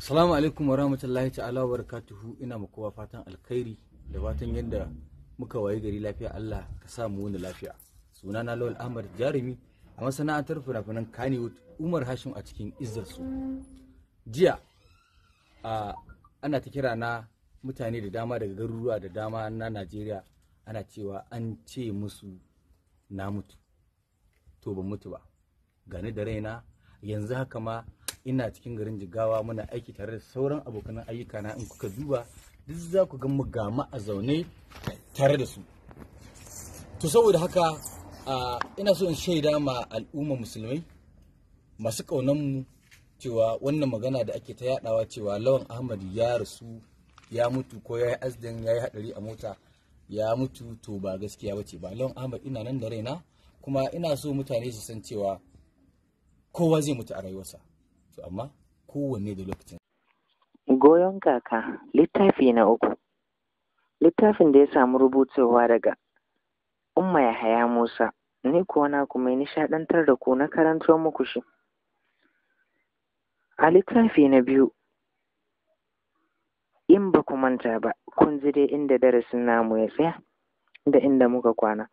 Salamu alaikum wa rahmatullahi ta'ala wa barakatuhu ina muku kowa fatan alkhairi da fatan yadda muka wayi gari lafiya Allah ka sa mu wani lafiya. Suna na Lawal Ahmad Jarumi a masana'antar fina-finan Kannywood Umar Hashim a cikin izzarsu. Jiya a ana ta kira na mutane da dama daga garuruwa da dama na Najeriya ana cewa an ce musu na mutu. To ba mutu ba. Gani da raina yanzu haka ma ina cikin garin jigawa muna aiki tare da sauran abokan ayyuka na in kuka duba duk za ku ga mu ga a zaune tare da su to saboda haka ina so in shaida ma al'umma musulmai masu kaunan mu cewa wannan magana da ake ta yadawa cewa lawan ahmad ya rasu ya mutu ko ya yi asdan ya yi hadari a mota ya mutu to ba gaskiya bace ba lawan ahmad ina nan da raina kuma ina so mutane su san cewa kowa zai mutu a rayuwarsa amma kowanne da lokacin goyon kaka littafi na uku littafin da ya samu rubutowa daga umma yahaya musa ni kuwa na kuma nishaɗantar da ku na karanto muku shi a littafi na biyu in ba ku manta ba kun ji dai inda darasin namu ya tsaya da inda muka kwana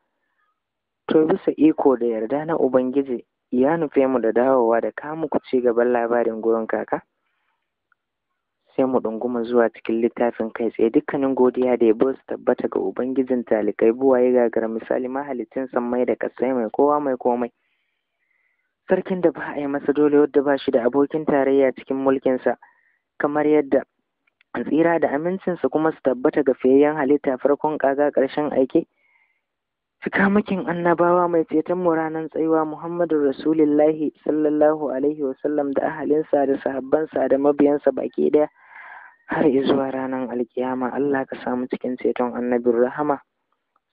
to bisa iko da yarda na ubangiji ya nufe mu da dawowa da ka ku ci gaban labarin gurin kaka sai mu ɗunguma zuwa cikin littafin kai tsaye dukkanin godiya da yabo su tabbata ga ubangijin talikai buwaye gagara misali mahalicin sammai da ƙasai mai kowa mai komai sarkin da ba a yi masa dole wadda ba shi da abokin tarayya cikin mulkinsa kamar yadda tsira da amincinsa kuma su tabbata ga fiyayyen halitta farkon ƙaga ƙarshen aiki. Cikamakin annabawa mai ceton mu ranar tsayuwa Muhammadu Rasulullahi sallallahu Alaihi wasallam da ahalinsa da sahabbansa da mabiyansa baki ɗaya har zuwa ranar alkiyama Allah ka samu cikin ceton annabin rahama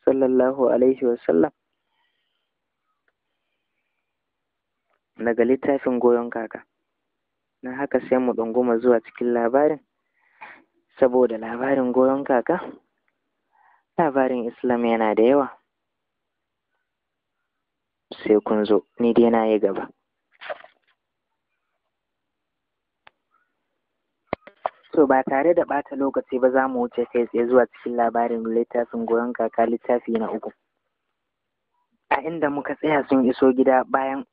sallallahu Alaihi wasallam. Daga littafin goyon kaka, na haka sai mu ɗunguma zuwa cikin labarin, saboda labarin goyon kaka, labarin Islam yana da yawa. sai kun zo ni dai na yi gaba To ba tare da ɓata lokaci ba za mu wuce kai tsaye zuwa cikin labarin littafin goyon kaka littafi na uku. A inda muka tsaya sun iso gida bayan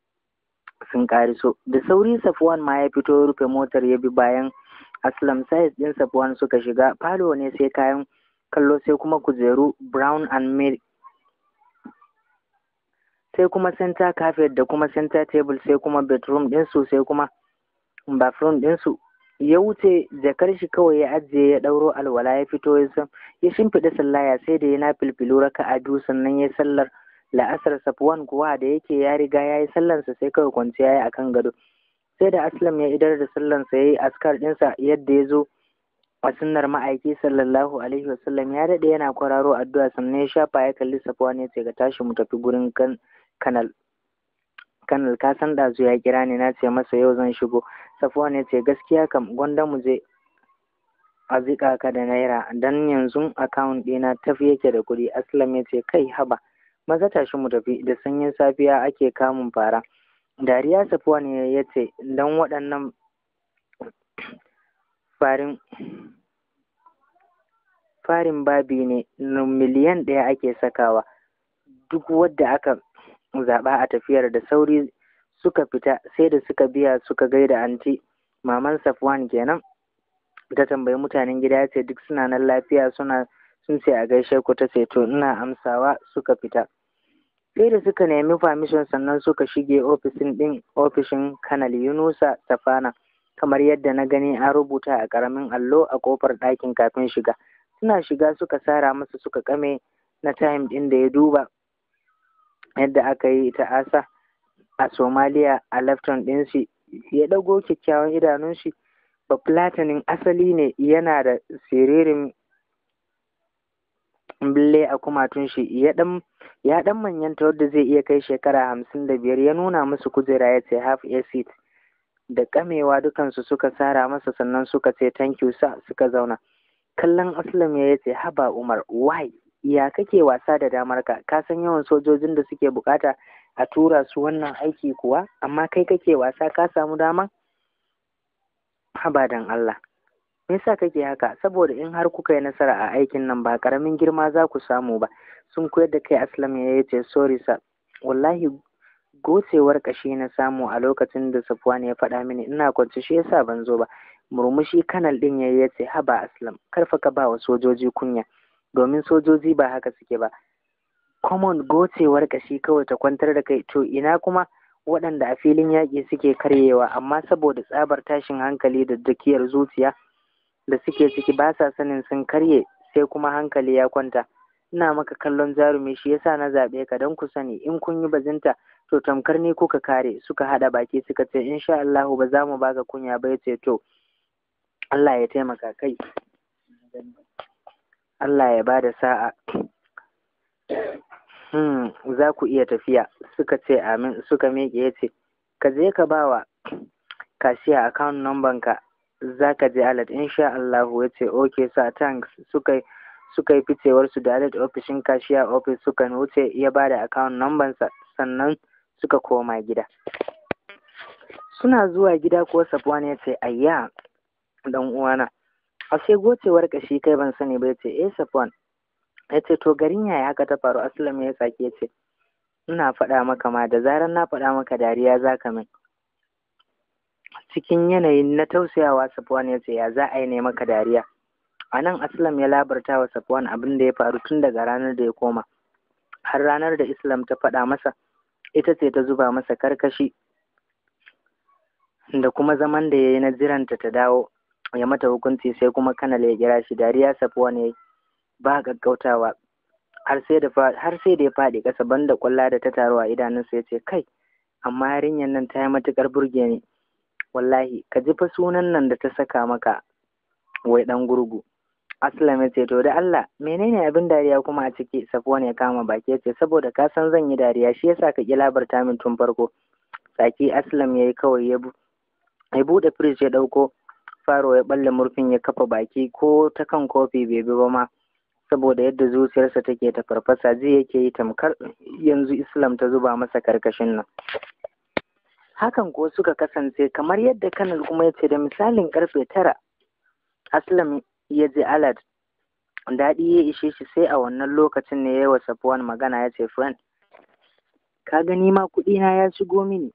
sun ƙariso. Da sauri Safwan ma ya fito rufe motar ya bi bayan Aslam Saiz ɗin Safwan suka shiga falo ne sai kayan kallo sai kuma kujeru brown and milk sai kuma center carpet da kuma center table sai kuma bedroom ɗinsu sai kuma bathroom ɗinsu ya wuce da shi kawai ya ajiye ya ɗauro alwala ya fito ya san ya shimfiɗa sallaya sai da ya na filfilo raka a biyu sannan ya sallar la'asar safwan kuwa da yake ya riga ya yi sallansa sai kawai kwanci ya akan gado sai da aslam ya idar da sallansa ya yi askar ɗinsa yadda ya zo a sunnar ma'aiki sallallahu alaihi wasallam ya daɗe yana kwararo addu'a sannan ya shafa ya kalli safwan ya ce ga tashi mu tafi gurin kan kanal kanal ka san ɗazu ya kira ni na ce masa yau zan shigo safuwan ya ce gaskiya kam gwanda mu je a zika ka da naira dan yanzu akawun ɗina tafi yake da kuɗi aslam ya ce kai haba maza tashi mu tafi da sanyin safiya ake kamun fara dariya safuwan ya ce dan waɗannan farin farin babi ne miliyan ɗaya ake sakawa duk wadda aka zaɓa a tafiyar da sauri suka fita sai da suka biya suka gaida anti maman safwan kenan ta tambayi mutanen gida ya ce duk suna nan lafiya suna sun ce a gaishe ku ta ce to ina amsawa suka fita sai da suka nemi permission sannan suka shige ofishin din ofishin kanal yunusa safana kamar yadda na gani an rubuta a karamin allo a kofar ɗakin kafin shiga suna shiga suka sara masa suka kame na time din da ya duba yadda aka yi ta asa a somaliya a lafton ɗin shi ya ɗago kyakkyawan idanun shi ba platinum asali ne yana da siririn bille a kumatun shi ya ɗan ya ɗan wadda zai iya kai shekara hamsin da biyar ya nuna musu kujera ya ce half a da kamewa dukansu suka tsara masa sannan suka ce thank you sa suka zauna kallon aslam ya ce haba umar why ya kake wasa da damar ka san yawan sojojin da suke bukata a tura su wannan aiki kuwa amma kai kake wasa ka samu dama habadan Allah me yasa kake haka saboda in har kuka yi nasara a aikin nan ba karamin girma za ku samu ba sun koyar da kai aslam ya yace sorry sir wallahi gocewar kashi na samu a lokacin da safwan ya faɗa mini ina kwance shi yasa ban zo ba murmushi kanal din yayi yace haba aslam karfa ka ba wa sojoji kunya domin sojoji ba haka suke ba common gocewar kashi kawai ta kwantar da kai to ina kuma waɗanda a filin yaƙi suke karyewa amma saboda tsabar tashin hankali da dukiyar zuciya da suke ciki ba sa sanin sun karye sai kuma hankali ya kwanta ina maka kallon jarumi shi yasa na zaɓe ka don ku sani in kun yi bazinta to tamkar ni kuka kare suka haɗa baki suka ce insha Allahu ba za mu baka kunya ba ya ce to Allah ya taimaka kai Allah ya ba da sa'a hmm za ku iya tafiya suka ce amin suka miƙe ya ce ka je ka ba bawa kashiya account number ka za ka je alert insha Allah ya ce ok, sa thanks suka suka yi su da alert ofishin kashiya office suka wuce ya bada account number sa sannan suka koma gida suna zuwa gida ko ne ya ce ayya dan uwana A sai gocewar kashi kai ban sani ba yace eh ya ce to garin yaya haka ta faru aslam ya sake ce. ina faɗa maka ma da zarar na faɗa maka dariya za ka min cikin yanayin na tausayawa ya yace ya za a yi ne maka dariya a nan aslam ya labarta wa sapon abin da ya faru tun daga ranar da ya koma har ranar da islam ta faɗa masa ita ce ta zuba masa karkashi da kuma zaman da ya yi na jiranta ta dawo ya mata hukunci sai kuma Kana ya kira shi dariya safuwa ne ba gaggautawa har sai da ya faɗi ƙasa da ƙwalla da ta taruwa a idanunsa ya ce kai amma yarinyar nan ta yi matuƙar burge ni wallahi ka ji fa sunan nan da ta saka maka wai ɗan gurgu Aslam ya ce to da Allah menene abin dariya kuma a ciki safuwa ya kama baki ya ce saboda ka san zan yi dariya shi yasa ka ƙi labarta min tun farko Saki Aslam yi kawai ya buɗe firij ya ɗauko. Faro ya balle murfin ya kafa baki ko ta kan kofi bai bi ba ma saboda yadda zuciyarsa take ta farfasa zai yake yi tamkar yanzu Islam ta zuba masa karkashin nan. Hakan ko suka kasance kamar yadda Kanal kuma ya ce da misalin karfe tara Aslam ya je Alad daɗi ya ishe shi sai a wannan lokacin ne ya yi wa Safuwan magana ya ce friend ka gani ma kuɗi na ya shigo mini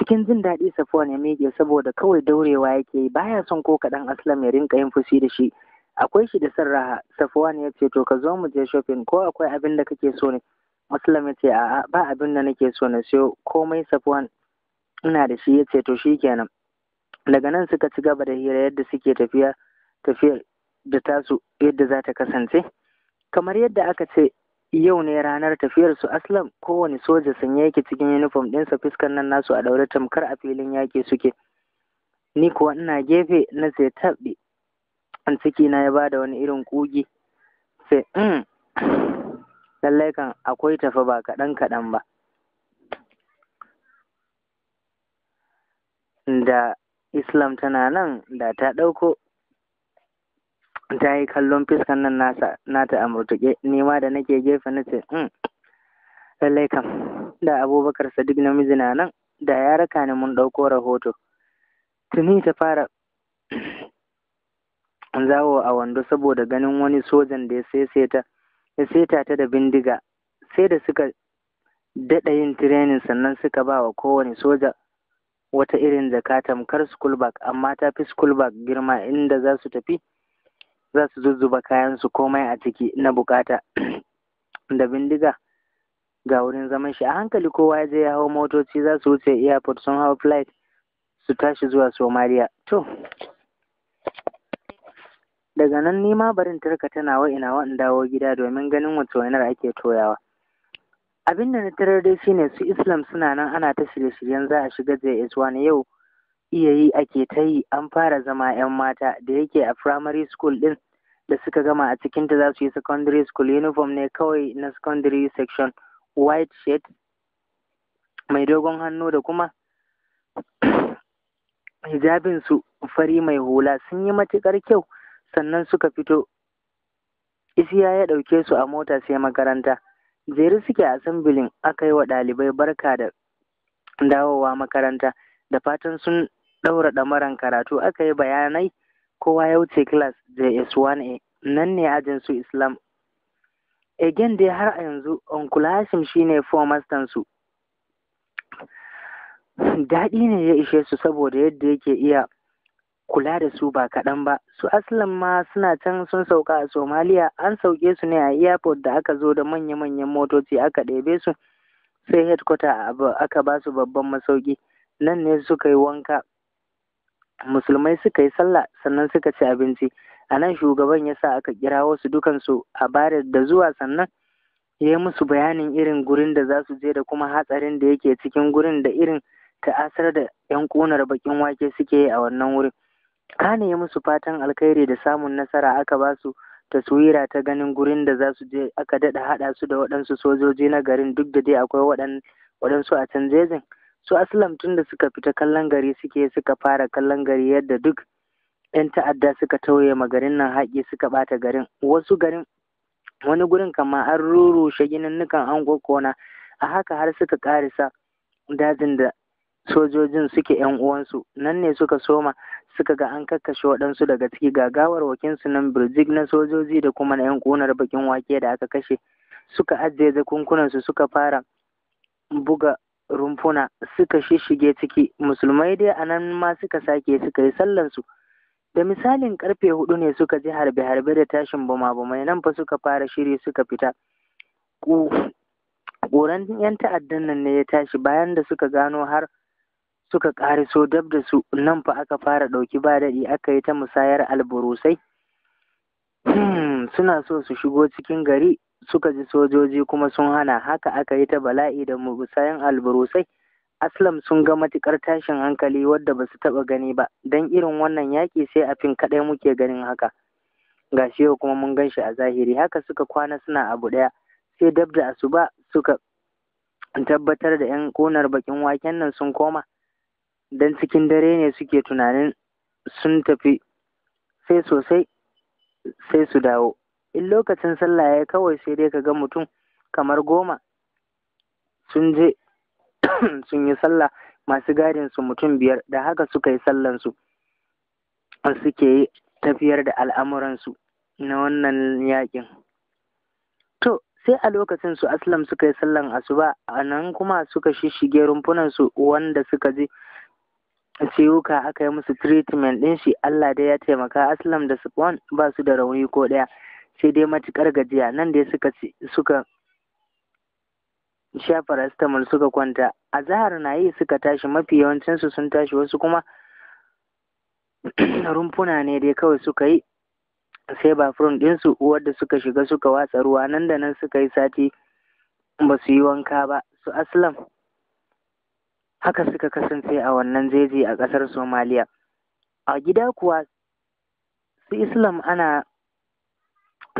cikin jin daɗi safuwan ya mege saboda kawai daurewa yake yi baya son ko kaɗan aslam ya rinka yin fushi da shi akwai shi da son raha safuwan ya ce to ka zo mu je shopping ko akwai abin da kake so ne aslam ya ce a'a ba abin da nake so na siyo komai safuwan ina da shi ya ce to shi kenan daga nan suka ci gaba da hira yadda suke tafiya tafiyar da tasu yadda za ta kasance kamar yadda aka ce yau ne ranar tafiyar su aslam kowane soja sanye yake cikin yunifom ɗinsa fuskar nan nasu a daure tamkar a filin yaƙi suke ni kuwa ina gefe na sai taɓe an ciki na ya bada wani irin ƙugi sai mm. lallai kan akwai tafa ba kaɗan kaɗan ba da islam tana nan da ta ɗauko ta yi kallon fiskan nan nasa nata a murtuƙe nima da nake gefe na ce hmm, lallai kam da abubakar sadiq namiji na nan da ya raka ni mun ɗauko rahoto tuni ta fara zawo a wando saboda ganin wani sojan da ya seta ya ta da bindiga sai da suka daɗa yin tirenin sannan suka ba wa kowane soja wata irin jaka tamkar school bag amma ta fi school girma inda za su tafi za su zuzzuba su komai a ciki na bukata da bindiga ga wurin zaman shi a hankali kowa ya je ya hau motoci za su wuce airport sun hau flight su tashi zuwa Somalia. to daga nan nima barin tarkata nawa ina wa'in dawo gida domin ganin wace wainar ake toyawa abin da na tarar dai shine su islam suna nan ana ta shirye-shiryen za a shiga js1 yau iya yi ake ta yi an fara zama 'yan mata da yake a firamare school ɗin da suka gama a cikinta za su yi secondary school uniform ne kawai na secondary section white shirt mai dogon hannu da kuma hijabinsu fari mai hula sun yi matuƙar kyau sannan suka fito isiya ya ɗauke su a mota sai makaranta jeri suke a sambilin aka yi wa ɗalibai barka da dawowa makaranta da fatan sun ɗaura ɗamaran karatu aka yi bayanai kowa ya wuce class js1a nan ne ajin su islam again dai har a yanzu uncle hashim shine ne su daɗi ne ya ishe su saboda yadda yake iya kula da su ba kaɗan ba su aslan ma suna can sun sauka a somaliya an sauke su ne a airport da aka zo da manya-manyan motoci aka ɗebe su sai headquarter aka ba su babban masauki nan ne suka yi wanka musulmai suka yi sallah sannan suka ci abinci a nan shugaban ya sa aka kira wasu dukansu a bare da zuwa sannan ya yi musu bayanin irin gurin da za su je da kuma hatsarin da yake cikin gurin da irin ta'asar da 'yan ƙunar bakin wake suke yi a wannan wurin kane ya musu fatan alkhairi da samun nasara aka ba su taswira ta ganin gurin da za su je aka daɗa haɗa su da waɗansu sojoji na garin duk da dai akwai waɗansu a can jejin su aslam tun da suka fita kallon gari suke suka fara kallon gari yadda duk 'yan ta'adda suka tauye ma garin nan haƙi suka ɓata garin wasu garin wani gurin kama an rurushe gininnukan an gokona a haka har suka ƙarisa dajin da sojojin suke yan uwansu nan ne suka soma suka ga an kakkashe waɗansu daga ciki gagawar wakinsu nan birjik na sojoji da kuma na yan ƙunar bakin wake da aka kashe suka ajiye jakunkunansu suka fara buga rumfuna suka shishige ciki musulmai dai a nan ma suka sake suka yi sallansu da misalin karfe hudu ne suka ji harbe-harbe da tashin bama-bamai nan fa suka fara shiri suka fita ƙoran yan ta'addan nan ne ya tashi bayan da suka gano har suka so dab da su nan fa aka fara ɗauki ba daɗi aka yi ta musayar alburusai hmm, suna so su shigo cikin gari suka ji sojoji kuma sun hana haka aka yi ta bala'i da mugusayen alburusai aslam sun ga matukar tashin hankali wadda ba su taba gani ba don irin wannan yaƙi sai a fin kaɗai muke ganin haka ga shi yau kuma mun gan shi a zahiri haka suka kwana suna abu ɗaya sai dab da asuba suka tabbatar da yan ƙonar bakin waken nan sun koma don cikin dare ne suke tunanin sun tafi sai sosai sai su dawo in lokacin sallah ya kawai sai dai ka ga mutum kamar goma sun je sun yi sallah masu gadin su mutum biyar da haka suka yi sallan su suke tafiyar da al'amuransu na wannan yakin to sai a lokacin su aslam suka yi sallan asuba a nan kuma suka shishige rumfunan su wanda suka je ciwuka aka yi musu treatment din shi Allah dai ya taimaka aslam da su ba su da rauni ko ɗaya sai dai matuƙar gajiya nan dai suka suka sha paracetamol suka kwanta a zahar na yi suka tashi mafi yawancinsu sun tashi wasu kuma rumfuna ne dai kawai suka yi sai ba furin ɗinsu wadda suka shiga suka watsa ruwa nan da nan suka yi sati ba su yi wanka ba su aslam haka suka kasance a wannan jeji a ƙasar somaliya a gida kuwa su islam ana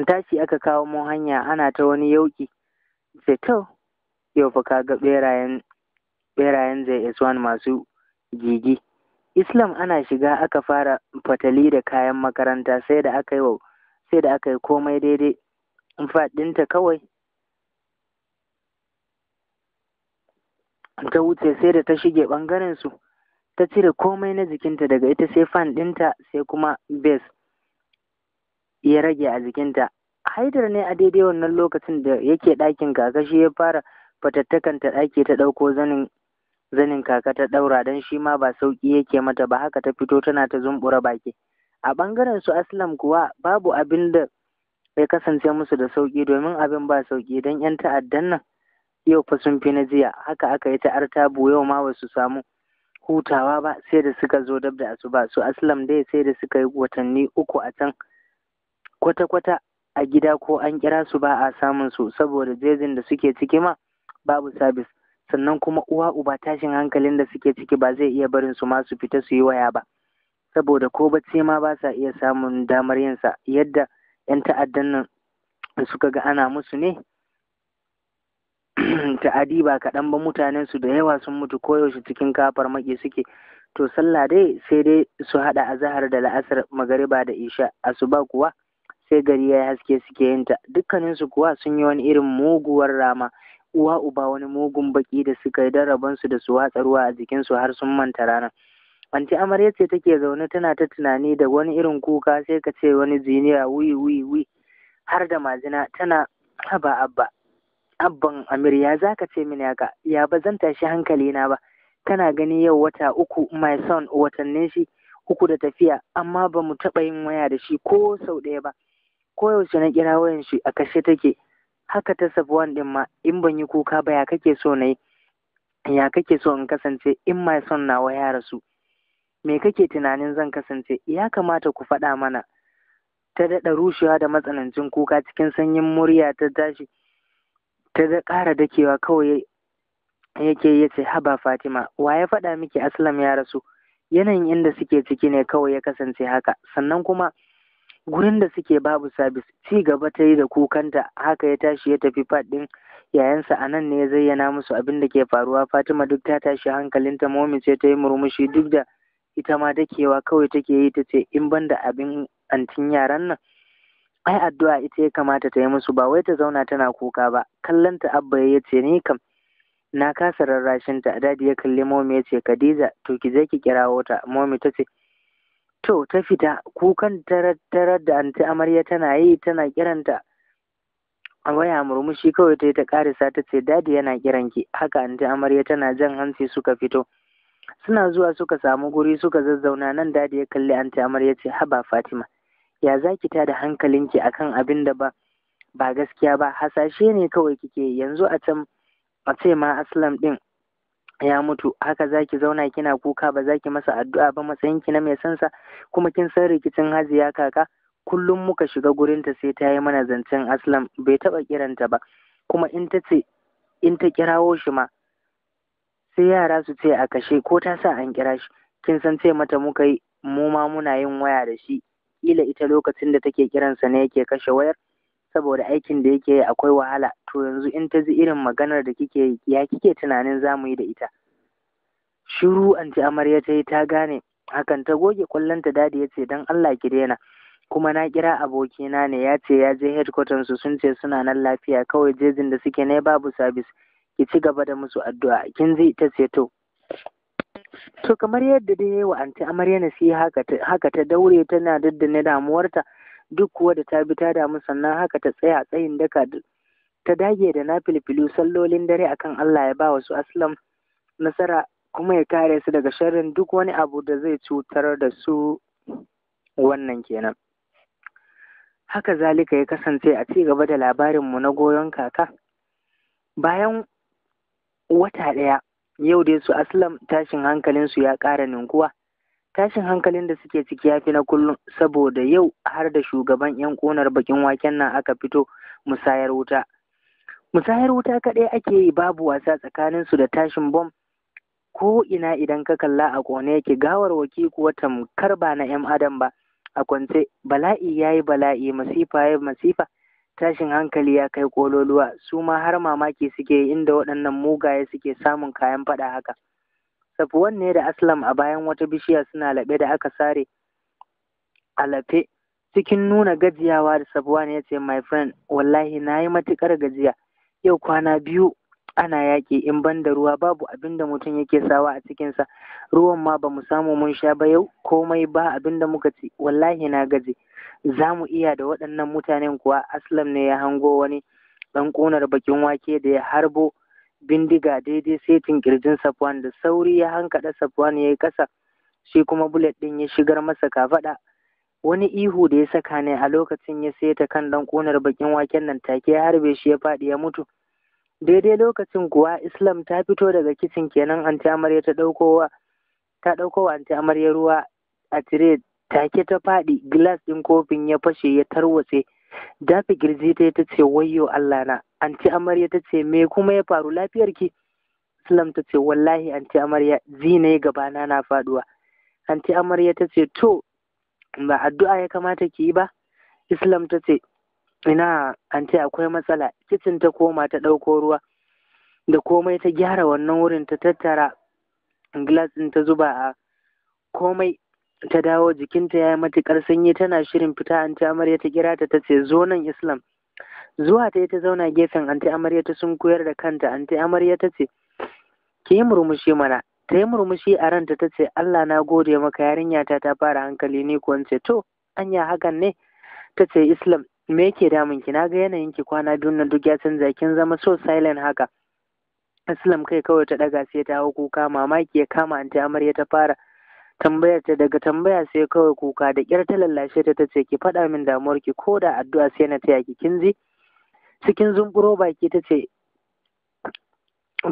tashi aka kawo mu hanya ana ta wani yauki sai to yau fa kaga berayen berayen zai masu gigi Islam ana shiga aka fara fatali da kayan makaranta sai da aka yi sai da aka yi komai daidai faɗinta kawai ta wuce sai da ta shige ɓangaren su ta cire komai na jikinta daga ita sai fan ɗinta sai kuma base. ya rage a jikinta haidar ne a daidai wannan lokacin da yake ɗakin kaka shi ya fara fatattakan ta ɗaki ta ɗauko zanin zanin kaka ta ɗaura don shi ma ba sauƙi yake mata ba haka ta fito tana ta zumbura baki a ɓangaren su aslam kuwa babu abin da ya kasance musu da sauƙi domin abin ba sauƙi don 'yan ta'addan nan yau fa sun fi na jiya haka aka yi ta artabu yau ma ba su samu hutawa ba sai da suka zo dab da asuba su aslam dai sai da suka yi watanni uku a can kwata-kwata a gida ko an kira su ba a samun su saboda jejin da suke ciki ma babu sabis sannan kuma uwa uba tashin hankalin da suke ciki ba zai iya barin su ma su fita su yi waya ba saboda ko bacci ma ba sa iya samun damar yin sa yadda yan ta'addan nan suka ga ana musu ne ta'adi ba kaɗan ba mutanen su da yawa sun mutu koyaushe cikin kafar maki suke to sallah dai sai dai su haɗa azahar da la'asar magariba da isha asuba kuwa sai gari ya haske suke yin ta dukkaninsu kuwa sun yi wani irin muguwar rama uwa uba wani mugun baki da suka yi su da su watsa ruwa a su har sun manta rana. anti amarya ce take zaune tana ta tunani da wani irin kuka sai ka ce wani jiniya wi wi wi har da mazina tana haba abba abban amir ya za ka ce mini haka ya ba zan tashi hankali na ba kana gani yau wata uku my son watannin shi uku da tafiya amma ba mu taɓa yin waya da shi ko sau ɗaya ba koyaushe na kira wayan shi a kashe take haka ta Safwan din ma in ban yi kuka ba ya kake so na ya kake so in kasance in ma son nawa ya rasu me kake tunanin zan kasance ya kamata ku faɗa mana ta daɗa rushewa da matsanancin kuka cikin sanyin murya ta tashi ta da ƙara dakewa kawai yake ya ce haba fatima wa ya faɗa miki aslam ya rasu yanayin inda suke ciki ne kawai ya kasance haka sannan kuma gurin da suke babu sabis ci gaba ta yi da kukanta haka ya tashi ya tafi faɗin yayansa a nan ne ya zayyana musu abin da ke faruwa fatima duk ta tashi hankalinta momi ce ta yi murmushi duk da ita ma dakewa kawai take yi ta ce in ban da abin antin yaran nan ai addu'a ita ya kamata ta yi musu ba wai ta zauna tana kuka ba kallanta abba ya ce ni kam na kasa rarrashinta dadi ya kalli momi ya ce khadija to ki je ki kirawo ta momi ta ce to ta fita kukan tarar da anti amarya tana yi tana kiranta a waya murmushi kawai ta yi ta karisa ta ce dadi yana kiran ki. haka anti amarya tana jan hansi suka fito suna zuwa suka samu guri suka zazzauna nan dadi ya kalli anti amarya ce haba fatima ya zaki ta da hankalinki akan abin da ba ba gaskiya ba hasashe ne kawai kike yanzu a can a ce ma aslam din ya mutu haka zaki zauna kina kuka ba zaki masa addu'a ba matsayin ki na mai sansa kuma kin san rikicin haziya kaka kullum muka shiga gurinta sai ta yi mana zancen aslam bai taba kiranta ba kuma in ta ce in ta kirawo shi ma sai yara su ce a kashe ko ta sa an kira shi kin san ce mata muka yi mu ma muna yin waya da shi Ƙila ita lokacin da take kiransa ne yake kashe wayar saboda aikin da yake yi akwai wahala to yanzu in ta ji irin maganar da kike yi ya kike tunanin za yi da ita shiru an amarya ta yi ta gane hakan ta goge kwallonta dadi ya ce don allah ki daina kuma na kira abokina ne ya ce ya je headquarters su sun ce suna nan lafiya kawai jejin da suke ne babu sabis ki ci gaba da musu addu'a kin ji ta ce to to kamar yadda dai yayi wa anti amarya sai haka ta haka ta daure tana daddane damuwarta duk kuwa da ta bi ta damu sannan haka ta tsaya tsayin daka ta dage da na filfilu sallolin dare akan Allah ya ba wasu asalin aslam nasara kuma ya kare su daga sharrin duk wani abu da zai cutar da su wannan kenan haka zalika ya kasance a ci gaba da labarinmu na goyon kaka bayan wata ɗaya yau dai su aslam tashin hankalinsu ya ƙara ninkuwa tashin hankalin da suke ciki ya fi na kullum saboda yau har da shugaban 'yan ƙonar bakin waken nan aka fito musayar wuta musayar wuta kaɗai ake yi babu wasa tsakaninsu da tashin bomb ko ina idan ka kalla a ƙone yake gawarwaki kuwa tamkar ba na ‘yan adam ba a kwance bala'i ya yi bala'i masifa ya masifa tashin hankali ya kai kololuwa su ma har mamaki suke inda waɗannan mugaye suke samun kayan faɗa haka safuwan ne da aslam a bayan wata bishiya suna laɓe da aka sare a lafe cikin nuna gajiyawa da safuwan ya ce my friend wallahi na yi matuƙar gajiya yau kwana biyu ana yaƙi in ban da ruwa babu abin da mutum yake sawa a cikinsa ruwan ma ba mu samu mun sha ba yau komai ba abin da muka ci wallahi na gaji za mu iya da waɗannan mutanen kuwa aslam ne ya hango wani ɗan ƙunar bakin wake da ya harbo bindiga daidai setin ƙirjin safwan da sauri ya hankaɗa safwan ya yi ƙasa shi kuma bullet ɗin ya shigar masa kafaɗa wani ihu da ya saka ne a lokacin ya seta kan ɗan ƙunar bakin waken nan take ya harbe shi ya faɗi ya mutu daidai lokacin kuwa islam ta fito daga kicin kenan anti amarya ta ɗauko ta daukowa anti amarya ruwa a tire take ta faɗi gilas ɗin kofin ya fashe ya tarwatse dafi girji ta ta ce wayyo allah na anti amarya ta ce me kuma ya faru lafiyarki islam ta ce wallahi anti amarya zina gabana na faɗuwa anti amarya ta ce to ba addu'a ya kamata ki yi ba islam ta ce ina ce akwai matsala kicin ta koma ta ɗauko ruwa da komai ta gyara wannan wurin ta tattara glass ɗin ta zuba a komai ta dawo jikinta ya yi matuƙar sanyi tana shirin fita ce amarya ta kira ta tace, zo nan islam zuwa ta ta zauna gefen ce amarya ta sun koyar da kanta ce amarya ta ce ki yi murmushi mana ta yi murmushi a ranta ta ce allah na gode maka yarinya ta ta fara hankali ne ko ce to anya hakan ne ta ce islam me yake damun ki Na ga yanayin ki kwana biyun nan duk ya canza kin zama so silent haka Aslam kai kawai ta daga sai ta hau kuka mamaki ya kama anti amarya ta fara tambayar ta daga tambaya sai kawai kuka da kyar ta lallashe ta tace ki faɗa min damuwar ki ko da addu'a sai na taya ki kin ji cikin zumburo baki ta ce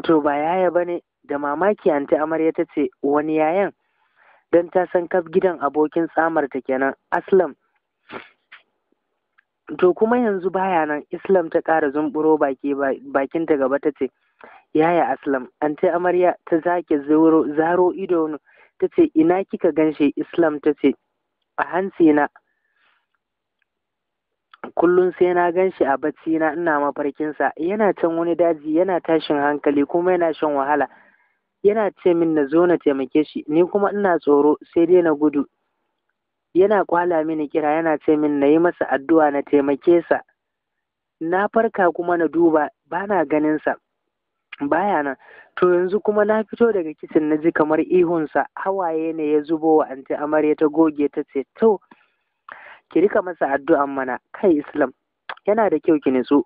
to ba yaya bane da mamaki anti amarya ta ce wani yayan dan ta san kaf gidan abokin tsamar ta kenan aslam to kuma yanzu baya nan islam ta ƙara zumburo baki bakinta gaba ta ce yaya aslam an ta amarya ta zake zaro ido ta ce ina kika ganshe islam ta ce a hansi na kullum sai na ganshi a bacci na ina mafarkin sa yana can wani daji yana tashin hankali kuma yana shan wahala yana ce min na zo na taimake shi ni kuma ina tsoro sai dai na gudu yana kwala mini kira yana ce min na yi masa addu'a na taimake sa na farka kuma na duba bana ganin sa baya nan to yanzu kuma na fito daga kicin na ji kamar ihunsa hawaye ne ya zubo wa anti amarya ta goge ta ce to ki rika masa addu'an mana kai islam yana da kyau ki nitsu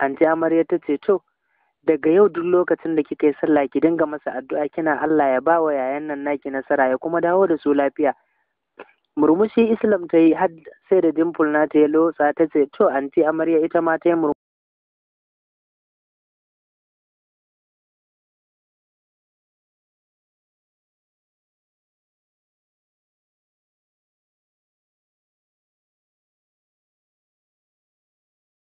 anti amarya ta ce to daga yau duk lokacin da kika yi sallah ki dinga masa addu'a kina Allah ya bawa yayan nan naki nasara ya kuma dawo da su lafiya murmushi Islam ta yi har sai da dimple ta yi lotsa ta ce to anti amarya ita ma ta yi murmushi.